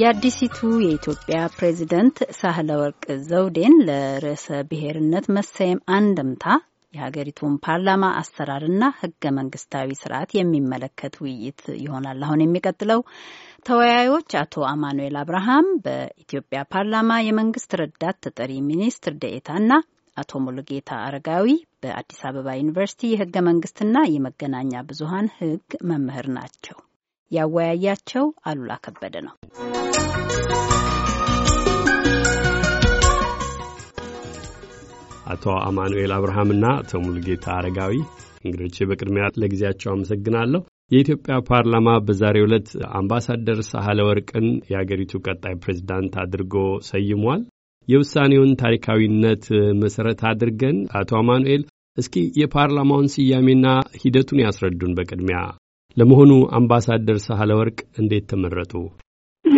የአዲሲቱ የኢትዮጵያ ፕሬዚደንት ሳህለ ወርቅ ዘውዴን ለርዕሰ ብሔርነት መሰየም አንድምታ የሀገሪቱን ፓርላማ አሰራርና ህገ መንግስታዊ ስርዓት የሚመለከት ውይይት ይሆናል። አሁን የሚቀጥለው ተወያዮች አቶ አማኑኤል አብርሃም በኢትዮጵያ ፓርላማ የመንግስት ረዳት ተጠሪ ሚኒስትር ደኤታና አቶ ሙሉጌታ አረጋዊ በአዲስ አበባ ዩኒቨርሲቲ የህገ መንግስትና የመገናኛ ብዙሀን ህግ መምህር ናቸው። ያወያያቸው አሉላ ከበደ ነው። አቶ አማኑኤል አብርሃምና አቶ ሙልጌታ አረጋዊ እንግዶች፣ በቅድሚያ ለጊዜያቸው አመሰግናለሁ። የኢትዮጵያ ፓርላማ በዛሬው ዕለት አምባሳደር ሳህለ ወርቅን የአገሪቱ ቀጣይ ፕሬዚዳንት አድርጎ ሰይሟል። የውሳኔውን ታሪካዊነት መሰረት አድርገን አቶ አማኑኤል እስኪ የፓርላማውን ስያሜና ሂደቱን ያስረዱን በቅድሚያ። ለመሆኑ አምባሳደር ሳህለ ወርቅ እንዴት ተመረጡ?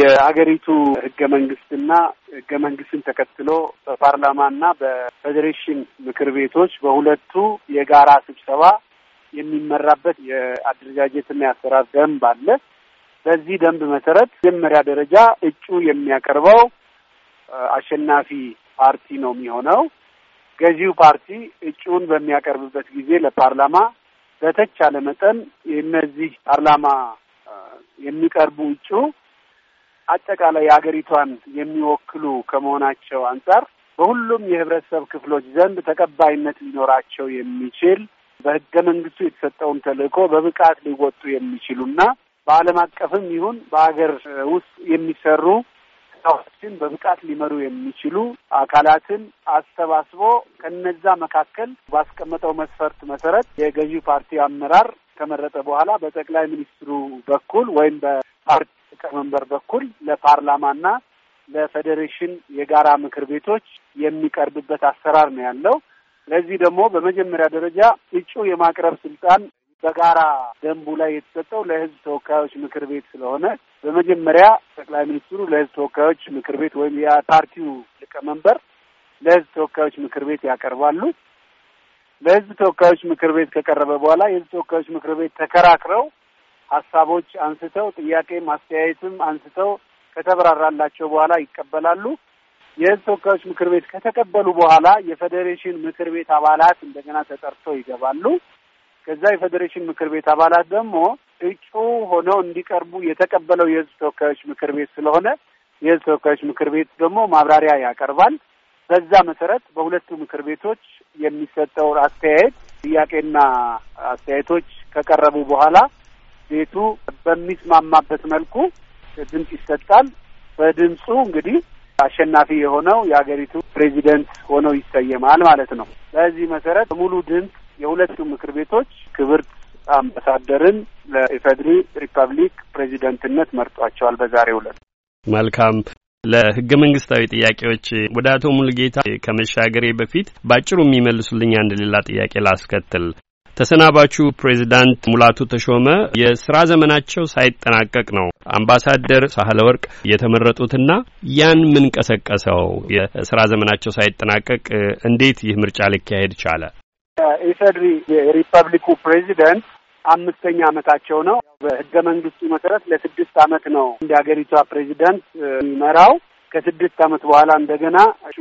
የሀገሪቱ ህገ መንግስትና ህገ መንግስትን ተከትሎ በፓርላማና በፌዴሬሽን ምክር ቤቶች በሁለቱ የጋራ ስብሰባ የሚመራበት የአደረጃጀትና የአሰራር ደንብ አለ። በዚህ ደንብ መሰረት መጀመሪያ ደረጃ እጩ የሚያቀርበው አሸናፊ ፓርቲ ነው የሚሆነው። ገዢው ፓርቲ እጩውን በሚያቀርብበት ጊዜ ለፓርላማ በተቻለ መጠን የእነዚህ ፓርላማ የሚቀርቡ እጩ አጠቃላይ ሀገሪቷን የሚወክሉ ከመሆናቸው አንጻር በሁሉም የህብረተሰብ ክፍሎች ዘንድ ተቀባይነት ሊኖራቸው የሚችል በህገ መንግስቱ የተሰጠውን ተልዕኮ በብቃት ሊወጡ የሚችሉና በዓለም አቀፍም ይሁን በሀገር ውስጥ የሚሰሩ ስራዎችን በብቃት ሊመሩ የሚችሉ አካላትን አሰባስቦ ከነዛ መካከል ባስቀመጠው መስፈርት መሰረት የገዢው ፓርቲ አመራር ከመረጠ በኋላ በጠቅላይ ሚኒስትሩ በኩል ወይም በፓርቲ ሊቀመንበር በኩል ለፓርላማና ለፌዴሬሽን የጋራ ምክር ቤቶች የሚቀርብበት አሰራር ነው ያለው። ለዚህ ደግሞ በመጀመሪያ ደረጃ እጩ የማቅረብ ስልጣን በጋራ ደንቡ ላይ የተሰጠው ለህዝብ ተወካዮች ምክር ቤት ስለሆነ በመጀመሪያ ጠቅላይ ሚኒስትሩ ለህዝብ ተወካዮች ምክር ቤት ወይም የፓርቲው ሊቀመንበር ለህዝብ ተወካዮች ምክር ቤት ያቀርባሉ። ለህዝብ ተወካዮች ምክር ቤት ከቀረበ በኋላ የህዝብ ተወካዮች ምክር ቤት ተከራክረው ሀሳቦች አንስተው ጥያቄም አስተያየትም አንስተው ከተብራራላቸው በኋላ ይቀበላሉ። የህዝብ ተወካዮች ምክር ቤት ከተቀበሉ በኋላ የፌዴሬሽን ምክር ቤት አባላት እንደገና ተጠርተው ይገባሉ። ከዛ የፌዴሬሽን ምክር ቤት አባላት ደግሞ እጩ ሆነው እንዲቀርቡ የተቀበለው የህዝብ ተወካዮች ምክር ቤት ስለሆነ የህዝብ ተወካዮች ምክር ቤት ደግሞ ማብራሪያ ያቀርባል። በዛ መሰረት በሁለቱ ምክር ቤቶች የሚሰጠው አስተያየት ጥያቄና አስተያየቶች ከቀረቡ በኋላ ቤቱ በሚስማማበት መልኩ ድምፅ ይሰጣል። በድምፁ እንግዲህ አሸናፊ የሆነው የሀገሪቱ ፕሬዚደንት ሆነው ይሰየማል ማለት ነው። በዚህ መሰረት ሙሉ ድምፅ የሁለቱ ምክር ቤቶች ክብርት አምባሳደርን ለኢፌድሪ ሪፐብሊክ ፕሬዚደንትነት መርጧቸዋል በዛሬው ዕለት። መልካም። ለህገ መንግስታዊ ጥያቄዎች ወደ አቶ ሙሉጌታ ከመሻገሬ በፊት ባጭሩ የሚመልሱልኝ አንድ ሌላ ጥያቄ ላስከትል። ተሰናባቹ ፕሬዚዳንት ሙላቱ ተሾመ የስራ ዘመናቸው ሳይጠናቀቅ ነው አምባሳደር ሳህለ ወርቅ የተመረጡትና ያን ምን ቀሰቀሰው? የስራ ዘመናቸው ሳይጠናቀቅ እንዴት ይህ ምርጫ ሊካሄድ ቻለ? ኢፌድሪ የሪፐብሊኩ ፕሬዚደንት አምስተኛ ዓመታቸው ነው። በህገ መንግስቱ መሰረት ለስድስት አመት ነው እንደ ሀገሪቷ ፕሬዚደንት የሚመራው። ከስድስት አመት በኋላ እንደገና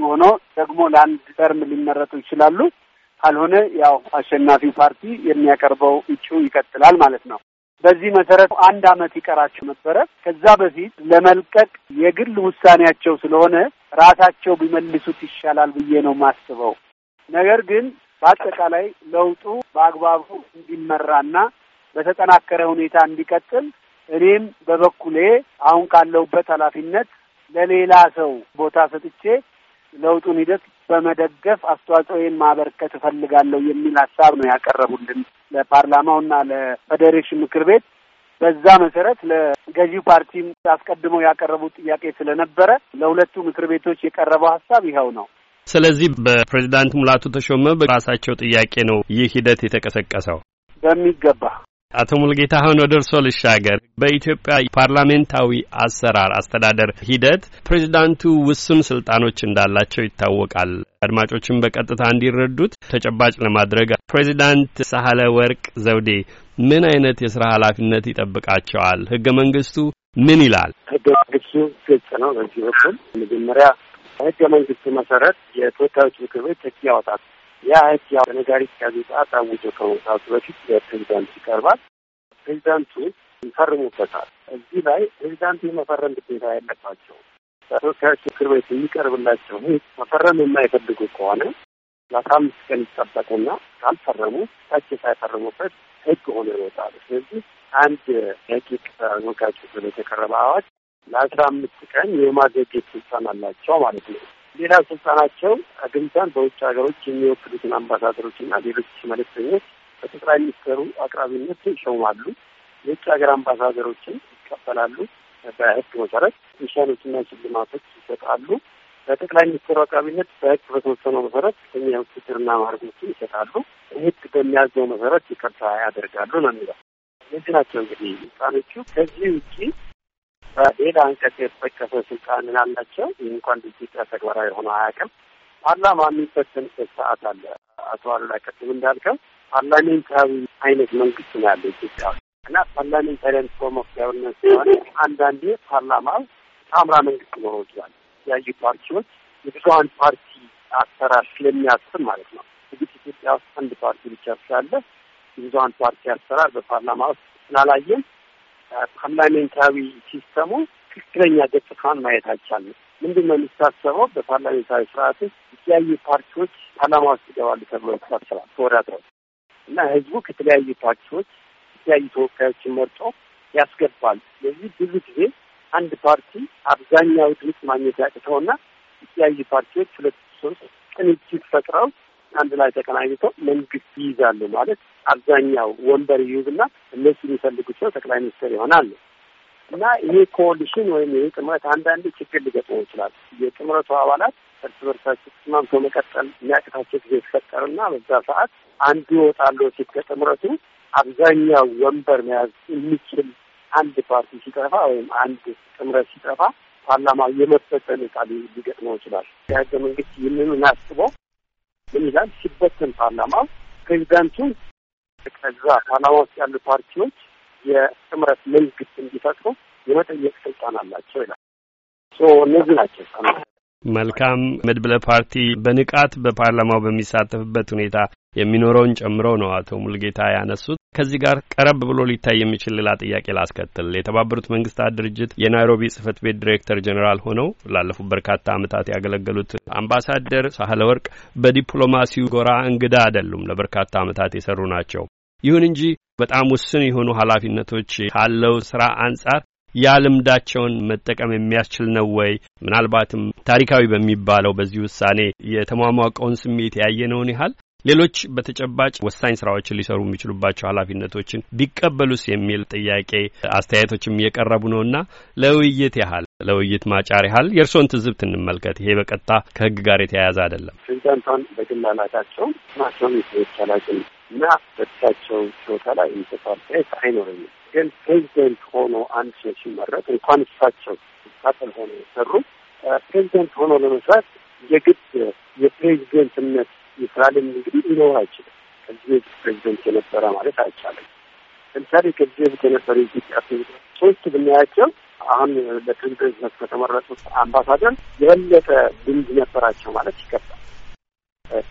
ሆኖ ደግሞ ለአንድ ተርም ሊመረጡ ይችላሉ። ካልሆነ ያው አሸናፊው ፓርቲ የሚያቀርበው እጩ ይቀጥላል ማለት ነው። በዚህ መሰረት አንድ አመት ይቀራቸው ነበረ። ከዛ በፊት ለመልቀቅ የግል ውሳኔያቸው ስለሆነ ራሳቸው ቢመልሱት ይሻላል ብዬ ነው የማስበው። ነገር ግን በአጠቃላይ ለውጡ በአግባቡ እንዲመራና በተጠናከረ ሁኔታ እንዲቀጥል እኔም በበኩሌ አሁን ካለሁበት ኃላፊነት ለሌላ ሰው ቦታ ሰጥቼ ለውጡን ሂደት በመደገፍ አስተዋጽኦዬን ማበርከት እፈልጋለሁ የሚል ሀሳብ ነው ያቀረቡልን ለፓርላማው እና ለፌዴሬሽን ምክር ቤት። በዛ መሰረት ለገዢው ፓርቲም አስቀድመው ያቀረቡት ጥያቄ ስለነበረ ለሁለቱ ምክር ቤቶች የቀረበው ሀሳብ ይኸው ነው። ስለዚህ በፕሬዚዳንት ሙላቱ ተሾመ በራሳቸው ጥያቄ ነው ይህ ሂደት የተቀሰቀሰው በሚገባ። አቶ ሙልጌታ አሁን ወደ እርስዎ ልሻገር። በኢትዮጵያ ፓርላሜንታዊ አሰራር አስተዳደር ሂደት ፕሬዚዳንቱ ውስን ስልጣኖች እንዳላቸው ይታወቃል። አድማጮችን በቀጥታ እንዲረዱት ተጨባጭ ለማድረግ ፕሬዚዳንት ሳህለ ወርቅ ዘውዴ ምን አይነት የስራ ኃላፊነት ይጠብቃቸዋል? ህገ መንግስቱ ምን ይላል? ህገ መንግስቱ ግልጽ ነው። በዚህ በኩል መጀመሪያ በህገ መንግስቱ መሰረት የተወካዮች ምክር ቤት ህግ ያወጣል። ያ ህግ በነጋሪት ጋዜጣ ታውጆ ከመውጣቱ በፊት የፕሬዚዳንት ይቀርባል። ፕሬዚዳንቱ ይፈርሙበታል። እዚህ ላይ ፕሬዚዳንቱ የመፈረም ግዴታ ያለባቸው በተወካዮች ምክር ቤት የሚቀርብላቸው ህግ መፈረም የማይፈልጉ ከሆነ ለአስራ አምስት ቀን ይጠበቁና ካልፈረሙ ታች ሳይፈርሙበት ህግ ሆኖ ይወጣሉ። ስለዚህ አንድ ረቂቅ ተወካዮች ምክር ቤት የቀረበ አዋጅ ለአስራ አምስት ቀን የማዘጌት ስልጣን አላቸው ማለት ነው። ሌላ ስልጣናቸው አግኝተን በውጭ ሀገሮች የሚወክሉትን አምባሳደሮች እና ሌሎች መልእክተኞች በጠቅላይ ሚኒስትሩ አቅራቢነት ይሾማሉ። የውጭ ሀገር አምባሳደሮችን ይቀበላሉ። በህግ መሰረት ና ሽልማቶች ይሰጣሉ። በጠቅላይ ሚኒስትሩ አቅራቢነት በህግ በተወሰነው መሰረት ከፍተኛ የውትድርና ማዕረጎችን ይሰጣሉ። ህግ በሚያዘው መሰረት ይቅርታ ያደርጋሉ ነው የሚለው። እነዚህ ናቸው እንግዲህ ስልጣኖቹ። ከዚህ ውጪ በሌላ አንቀጽ የተጠቀሰ ስልጣን አላቸው። ይህ እንኳን በኢትዮጵያ ተግባራዊ ሆኖ አያውቅም። ፓርላማ የሚበተንበት ሰዓት አለ። አቶ አሉላ ቅድም እንዳልከው ፓርላሜንታዊ አይነት መንግስት ነው ያለው ኢትዮጵያ እና ፓርላሜንታሪያን ፎርም ኦፍ ገቨርነንስ ሲሆን አንዳንዴ ፓርላማ ታምራ መንግስት ኖሮ ይችላል። የተለያዩ ፓርቲዎች የብዙሀን ፓርቲ አሰራር ስለሚያስብ ማለት ነው። እንግዲህ ኢትዮጵያ ውስጥ አንድ ፓርቲ ብቻ ስላለ የብዙሀን ፓርቲ አሰራር በፓርላማ ውስጥ ስላላየን ፓርላሜንታዊ ሲስተሙ ትክክለኛ ገጽታን ማየት አይቻልም። ምንድን ነው የሚታሰበው? በፓርላሜንታዊ ስርዓት ውስጥ የተለያዩ ፓርቲዎች ፓርላማ ውስጥ ይገባሉ ተብሎ ይታሰባል ተወዳድረው እና ህዝቡ ከተለያዩ ፓርቲዎች የተለያዩ ተወካዮችን መርጦ ያስገባል። ስለዚህ ብዙ ጊዜ አንድ ፓርቲ አብዛኛው ድምፅ ማግኘት ያቅተውና የተለያዩ ፓርቲዎች ሁለት ሶስት ቅንጅት ፈጥረው አንድ ላይ ተቀናኝቶ መንግስት ይይዛሉ ማለት አብዛኛው ወንበር ይይዙና እነሱ የሚፈልጉት ሰው ጠቅላይ ሚኒስትር ይሆናሉ እና ይሄ ኮሊሽን ወይም ይሄ ጥምረት አንዳንድ ችግር ሊገጥመው ይችላል። የጥምረቱ አባላት እርስ በርሳቸው ተስማምቶ መቀጠል የሚያቅታቸው ጊዜ ሲፈጠርና በዛ ሰዓት አንዱ ይወጣሉ ሲል ከጥምረቱ አብዛኛው ወንበር መያዝ የሚችል አንድ ፓርቲ ሲጠፋ ወይም አንድ ጥምረት ሲጠፋ ፓርላማ የመፈጠን ዕጣ ሊገጥመው ይችላል። የህገ መንግስት ይህንን አስቦ ግን ይላል ሲበተን ፓርላማው ፕሬዚዳንቱ ከዛ ፓርላማ ውስጥ ያሉ ፓርቲዎች የጥምረት መንግስት እንዲፈጥሩ የመጠየቅ ስልጣን አላቸው ይላል። እነዚህ ናቸው ሳ መልካም መድብለ ፓርቲ በንቃት በፓርላማው በሚሳተፍበት ሁኔታ የሚኖረውን ጨምሮ ነው አቶ ሙልጌታ ያነሱት። ከዚህ ጋር ቀረብ ብሎ ሊታይ የሚችል ሌላ ጥያቄ ላስከትል። የተባበሩት መንግስታት ድርጅት የናይሮቢ ጽህፈት ቤት ዲሬክተር ጀኔራል ሆነው ላለፉት በርካታ ዓመታት ያገለገሉት አምባሳደር ሳህለ ወርቅ በዲፕሎማሲው ጎራ እንግዳ አይደሉም። ለበርካታ ዓመታት የሰሩ ናቸው። ይሁን እንጂ በጣም ውስን የሆኑ ኃላፊነቶች ካለው ስራ አንጻር ያ ልምዳቸውን መጠቀም የሚያስችል ነው ወይ? ምናልባትም ታሪካዊ በሚባለው በዚህ ውሳኔ የተሟሟቀውን ስሜት ያየነውን ያህል ሌሎች በተጨባጭ ወሳኝ ስራዎችን ሊሰሩ የሚችሉባቸው ኃላፊነቶችን ቢቀበሉስ የሚል ጥያቄ አስተያየቶችም እየቀረቡ ነውና ለውይይት ያህል ለውይይት ማጫር ያህል የእርስዎን ትዝብት እንመልከት። ይሄ በቀጥታ ከህግ ጋር የተያያዘ አይደለም። ፕሬዚዳንቷን በግል አላቃቸውም ማቸውን የተቻላጭን እና በእሳቸው ችሎታ ላይ የሚሰጡ አስተያየት አይኖረኝም። ግን ፕሬዚደንት ሆኖ አንድ ሰው ሲመረጥ እንኳን እሳቸው ሳጠል ሆኖ የሰሩ ፕሬዚደንት ሆኖ ለመስራት የግድ የፕሬዚደንትነት የስራ ልምድ እንግዲህ ሊኖር አይችልም። ከዚህ በፊት ፕሬዚደንት የነበረ ማለት አይቻልም። ለምሳሌ ከዚህ በፊት የነበረ የኢትዮጵያ ፕሬዚደንት ሶስት ብናያቸው አሁን ለፕሬዚደንትነት ከተመረጡት አምባሳደር የበለጠ ልምድ ነበራቸው ማለት ይከብዳል።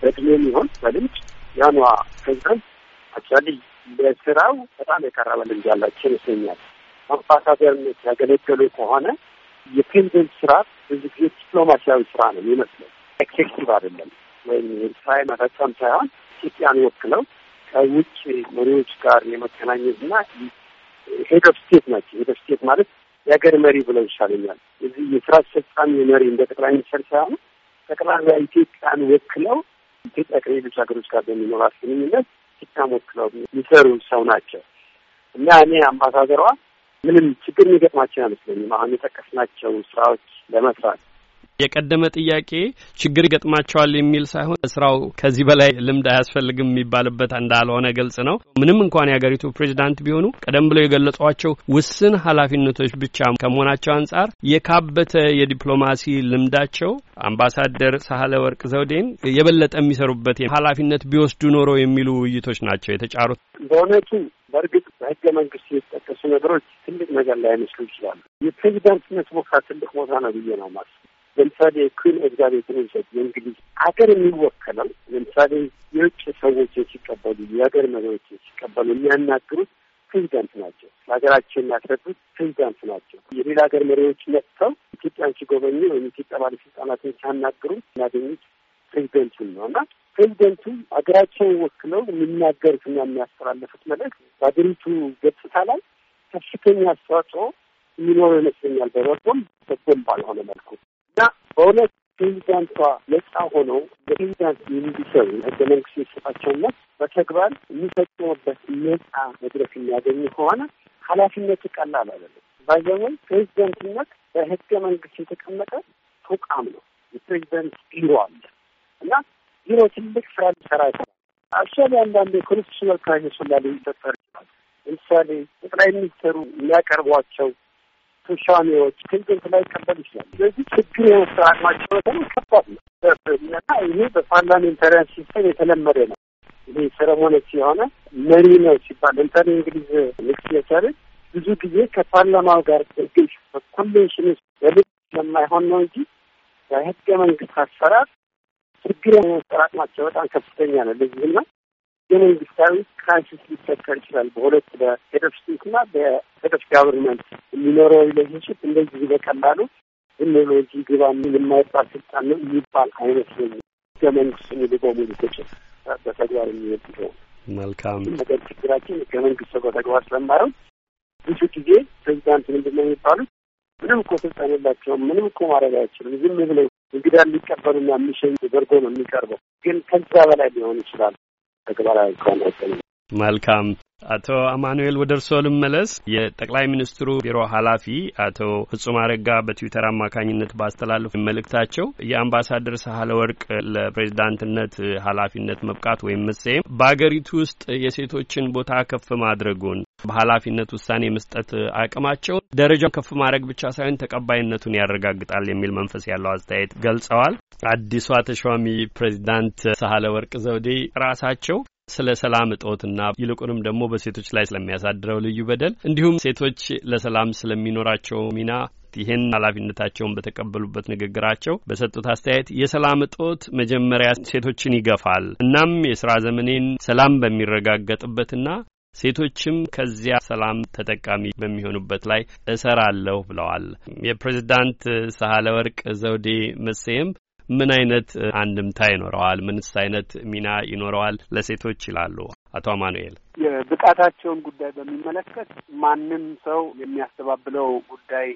በእድሜም ይሆን በልምድ ያኗ ፕሬዚደንት አክቹዋሊ ለስራው በጣም የቀረበ ልምድ ያላቸው ይመስለኛል። አምባሳደርነት ያገለገሉ ከሆነ የፕሬዚደንት ስራ ብዙ ጊዜ ዲፕሎማሲያዊ ስራ ነው ይመስላል፣ ኤክሴክቲቭ አይደለም። ወይም ስራዊ መፈጸም ሳይሆን ኢትዮጵያን ወክለው ከውጭ መሪዎች ጋር የመገናኘት የመገናኘትና ሄድ ኦፍ ስቴት ናቸው። ሄድ ኦፍ ስቴት ማለት የሀገር መሪ ብለው ይሻለኛል። እዚህ የስራ አስፈጻሚ መሪ እንደ ጠቅላይ ሚኒስትር ሳይሆን ጠቅላላ ኢትዮጵያን ወክለው ኢትዮጵያ ከሌሎች ሀገሮች ጋር በሚኖራት ግንኙነት ኢትዮጵያን ወክለው የሚሰሩ ሰው ናቸው እና እኔ አምባሳደሯ ምንም ችግር የሚገጥማቸው አይመስለኝም። አሁን የጠቀስናቸው ስራዎች ለመስራት የቀደመ ጥያቄ ችግር ይገጥማቸዋል የሚል ሳይሆን ስራው ከዚህ በላይ ልምድ አያስፈልግም የሚባልበት እንዳልሆነ ግልጽ ነው። ምንም እንኳን የሀገሪቱ ፕሬዚዳንት ቢሆኑ ቀደም ብለው የገለጿቸው ውስን ኃላፊነቶች ብቻ ከመሆናቸው አንጻር የካበተ የዲፕሎማሲ ልምዳቸው አምባሳደር ሳህለ ወርቅ ዘውዴን የበለጠ የሚሰሩበት ኃላፊነት ቢወስዱ ኖሮ የሚሉ ውይይቶች ናቸው የተጫሩት በእውነቱ በእርግጥ በህገ መንግስት የተጠቀሱ ነገሮች ትልቅ ነገር ላይ አይመስሉ ይችላሉ። የፕሬዚዳንትነት ቦታ ትልቅ ቦታ ነው ብዬ ነው ማለት ለምሳሌ ክን ኤግዛቤትን ውሰድ የእንግሊዝ ሀገር የሚወከለው ለምሳሌ የውጭ ሰዎች ሲቀበሉ የሀገር መሪዎች ሲቀበሉ የሚያናግሩት ፕሬዚዳንት ናቸው። ለሀገራቸው የሚያስረዱት ፕሬዚዳንት ናቸው። የሌላ ሀገር መሪዎች መጥተው ኢትዮጵያን ሲጎበኙ ወይም ኢትዮጵያ ባለስልጣናትን ሲያናግሩ የሚያገኙት ፕሬዚደንቱን ነው እና ፕሬዚደንቱ ሀገራቸውን ወክለው የሚናገሩትና የሚያስተላለፉት መልእክት በሀገሪቱ ገጽታ ላይ ከፍተኛ አስተዋጽኦ የሚኖረው ይመስለኛል። በበጎም በጎም ባልሆነ መልኩ በእውነት ፕሬዚዳንቷ ነጻ ሆነው በፕሬዚዳንት የሚሰሩ ህገ መንግስት የተሰጣቸውና በተግባር የሚፈጽሙበት ነጻ መድረክ የሚያገኙ ከሆነ ኃላፊነቱ ቀላል አይደለም። ባይዘወይ ፕሬዚደንትነት በህገ መንግስት የተቀመጠ ተቋም ነው። የፕሬዚደንት ቢሮ አለ እና ቢሮ ትልቅ ስራ ሊሰራ ይችላል። አክቹዋሊ አንዳንድ ኮንስቲቱሽናል ክራይሶች ላይ ሊፈጠር ይችላል። ለምሳሌ ጠቅላይ ሚኒስትሩ የሚያቀርቧቸው ተሿሚዎች ትንቅንት ላይ ቀበል ይችላል። ስለዚህ ችግር የመስራ አቅማቸው ከባድ ነው እና ይሄ በፓርላሜንታሪያን ሲስተም የተለመደ ነው። ይሄ ሴረሞኖች የሆነ መሪ ነው ሲባል ለምሳሌ እንግሊዝ ንግስ የቻለች ብዙ ጊዜ ከፓርላማው ጋር ግሽ በኮንቬንሽን በልብ ስለማይሆን ነው እንጂ በህገ መንግስት አሰራር ችግር የመስራ በጣም ከፍተኛ ነው። ለዚህም የመንግስታዊ ክራይሲስ ሊፈጠር ይችላል። በሁለት በሄድ ስቴት እና በሄድ ጋቨርንመንት የሚኖረው ሪሌሽንሽፕ እንደዚህ በቀላሉ ዝም ብሎ እዚህ ግባ የማይባል ስልጣን ነው የሚባል አይመስለኝም። ህገ መንግስቱን ሙሉ በሙሉ ተችል በተግባር የሚወድደው መልካም ነገር ችግራችን ህገ መንግስቱ በተግባር ስለማየው ብዙ ጊዜ ፕሬዚዳንት ምንድን ነው የሚባሉት ምንም እኮ ስልጣን የላቸውም፣ ምንም እኮ ማድረግ አይችልም፣ ዝም ብለው እንግዳ ሊቀበሉና የሚሸኙ ተደርጎ ነው የሚቀርበው። ግን ከዛ በላይ ሊሆን ይችላል። ተግባራዊ ከሆነ መልካም አቶ አማኑኤል ወደ እርስዎ ልመለስ። የጠቅላይ ሚኒስትሩ ቢሮ ኃላፊ አቶ ፍጹም አረጋ በትዊተር አማካኝነት ባስተላለፉ መልእክታቸው የአምባሳደር ሳህለ ወርቅ ለፕሬዚዳንትነት ኃላፊነት መብቃት ወይም መሰየም በአገሪቱ ውስጥ የሴቶችን ቦታ ከፍ ማድረጉን በኃላፊነት ውሳኔ መስጠት አቅማቸውን ደረጃውን ከፍ ማድረግ ብቻ ሳይሆን ተቀባይነቱን ያረጋግጣል የሚል መንፈስ ያለው አስተያየት ገልጸዋል። አዲሷ ተሿሚ ፕሬዚዳንት ሳህለ ወርቅ ዘውዴ ራሳቸው ስለ ሰላም እጦትና ይልቁንም ደግሞ በሴቶች ላይ ስለሚያሳድረው ልዩ በደል እንዲሁም ሴቶች ለሰላም ስለሚኖራቸው ሚና ይህን ኃላፊነታቸውን በተቀበሉበት ንግግራቸው በሰጡት አስተያየት የሰላም እጦት መጀመሪያ ሴቶችን ይገፋል። እናም የስራ ዘመኔን ሰላም በሚረጋገጥበትና ሴቶችም ከዚያ ሰላም ተጠቃሚ በሚሆኑበት ላይ እሰራለሁ ብለዋል። የፕሬዝዳንት ሳህለ ወርቅ ዘውዴ መሰየም ምን አይነት አንድምታ ይኖረዋል? ምንስ አይነት ሚና ይኖረዋል ለሴቶች ይላሉ አቶ አማኑኤል? የብቃታቸውን ጉዳይ በሚመለከት ማንም ሰው የሚያስተባብለው ጉዳይ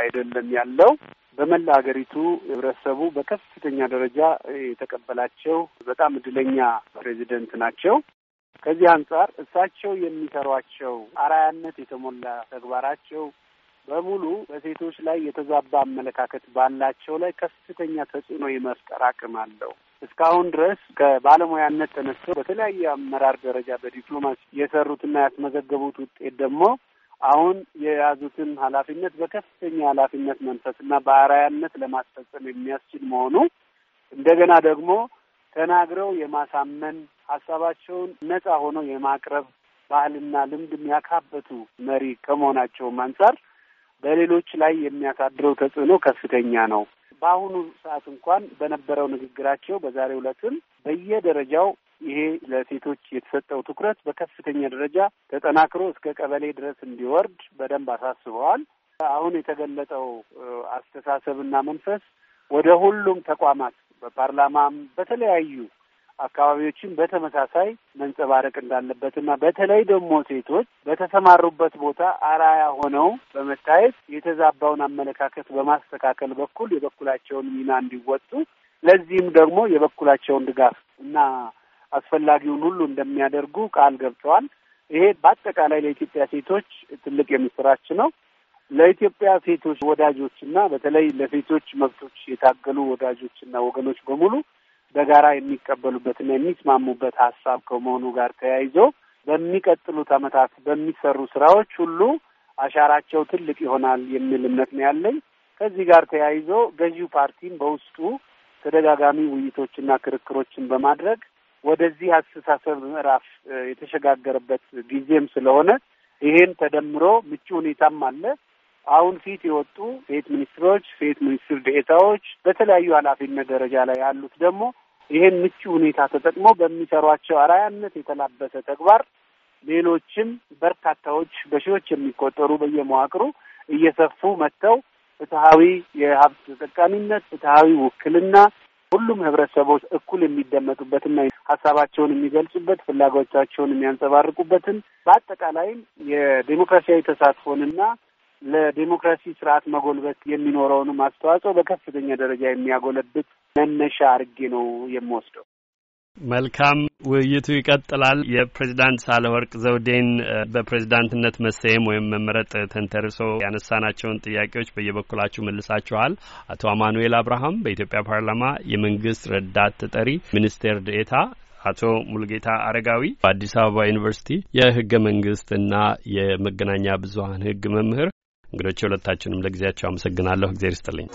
አይደለም ያለው በመላ ሀገሪቱ ህብረተሰቡ በከፍተኛ ደረጃ የተቀበላቸው በጣም እድለኛ ፕሬዚደንት ናቸው። ከዚህ አንጻር እሳቸው የሚሰሯቸው አራያነት የተሞላ ተግባራቸው በሙሉ በሴቶች ላይ የተዛባ አመለካከት ባላቸው ላይ ከፍተኛ ተጽዕኖ የመፍጠር አቅም አለው። እስካሁን ድረስ ከባለሙያነት ተነስቶ በተለያየ አመራር ደረጃ በዲፕሎማሲ የሰሩትና ያስመዘገቡት ውጤት ደግሞ አሁን የያዙትን ኃላፊነት በከፍተኛ ኃላፊነት መንፈስና በአራያነት ለማስፈጸም የሚያስችል መሆኑ እንደገና ደግሞ ተናግረው የማሳመን ሀሳባቸውን ነጻ ሆነው የማቅረብ ባህልና ልምድ ያካበቱ መሪ ከመሆናቸውም አንጻር በሌሎች ላይ የሚያሳድረው ተጽዕኖ ከፍተኛ ነው። በአሁኑ ሰዓት እንኳን በነበረው ንግግራቸው በዛሬው ዕለትም በየደረጃው ይሄ ለሴቶች የተሰጠው ትኩረት በከፍተኛ ደረጃ ተጠናክሮ እስከ ቀበሌ ድረስ እንዲወርድ በደንብ አሳስበዋል። አሁን የተገለጠው አስተሳሰብና መንፈስ ወደ ሁሉም ተቋማት በፓርላማም በተለያዩ አካባቢዎችን በተመሳሳይ መንጸባረቅ እንዳለበት እና በተለይ ደግሞ ሴቶች በተሰማሩበት ቦታ አራያ ሆነው በመታየት የተዛባውን አመለካከት በማስተካከል በኩል የበኩላቸውን ሚና እንዲወጡ ለዚህም ደግሞ የበኩላቸውን ድጋፍ እና አስፈላጊውን ሁሉ እንደሚያደርጉ ቃል ገብተዋል። ይሄ በአጠቃላይ ለኢትዮጵያ ሴቶች ትልቅ የምስራች ነው። ለኢትዮጵያ ሴቶች ወዳጆችና በተለይ ለሴቶች መብቶች የታገሉ ወዳጆችና ወገኖች በሙሉ በጋራ የሚቀበሉበትና የሚስማሙበት ሀሳብ ከመሆኑ ጋር ተያይዞ በሚቀጥሉት ዓመታት በሚሰሩ ስራዎች ሁሉ አሻራቸው ትልቅ ይሆናል የሚል እምነት ነው ያለኝ። ከዚህ ጋር ተያይዞ ገዢው ፓርቲም በውስጡ ተደጋጋሚ ውይይቶችና ክርክሮችን በማድረግ ወደዚህ አስተሳሰብ ምዕራፍ የተሸጋገረበት ጊዜም ስለሆነ ይሄን ተደምሮ ምቹ ሁኔታም አለ። አሁን ፊት የወጡ ሴት ሚኒስትሮች፣ ሴት ሚኒስትር ዴኤታዎች በተለያዩ ኃላፊነት ደረጃ ላይ ያሉት ደግሞ ይህን ምቹ ሁኔታ ተጠቅሞ በሚሰሯቸው አራያነት የተላበሰ ተግባር ሌሎችም በርካታዎች በሺዎች የሚቆጠሩ በየመዋቅሩ እየሰፉ መጥተው ፍትሀዊ የሀብት ተጠቃሚነት፣ ፍትሀዊ ውክልና፣ ሁሉም ህብረተሰቦች እኩል የሚደመጡበትና ሀሳባቸውን የሚገልጹበት ፍላጎቻቸውን የሚያንጸባርቁበትን በአጠቃላይም የዴሞክራሲያዊ ተሳትፎንና ለዴሞክራሲ ስርዓት መጎልበት የሚኖረውንም አስተዋጽኦ በከፍተኛ ደረጃ የሚያጎለብት መነሻ አድርጌ ነው የምወስደው። መልካም ውይይቱ ይቀጥላል። የፕሬዚዳንት ሳህለወርቅ ዘውዴን በፕሬዚዳንትነት መሰየም ወይም መመረጥ ተንተርሶ ያነሳናቸውን ጥያቄዎች በየበኩላችሁ መልሳችኋል። አቶ አማኑኤል አብርሃም በኢትዮጵያ ፓርላማ የመንግስት ረዳት ተጠሪ ሚኒስቴር ዴኤታ፣ አቶ ሙልጌታ አረጋዊ በአዲስ አበባ ዩኒቨርሲቲ የህገ መንግስትና የመገናኛ ብዙሀን ህግ መምህር እንግዶች፣ ሁለታችንም ለጊዜያቸው አመሰግናለሁ። እግዜር ይስጥልኝ።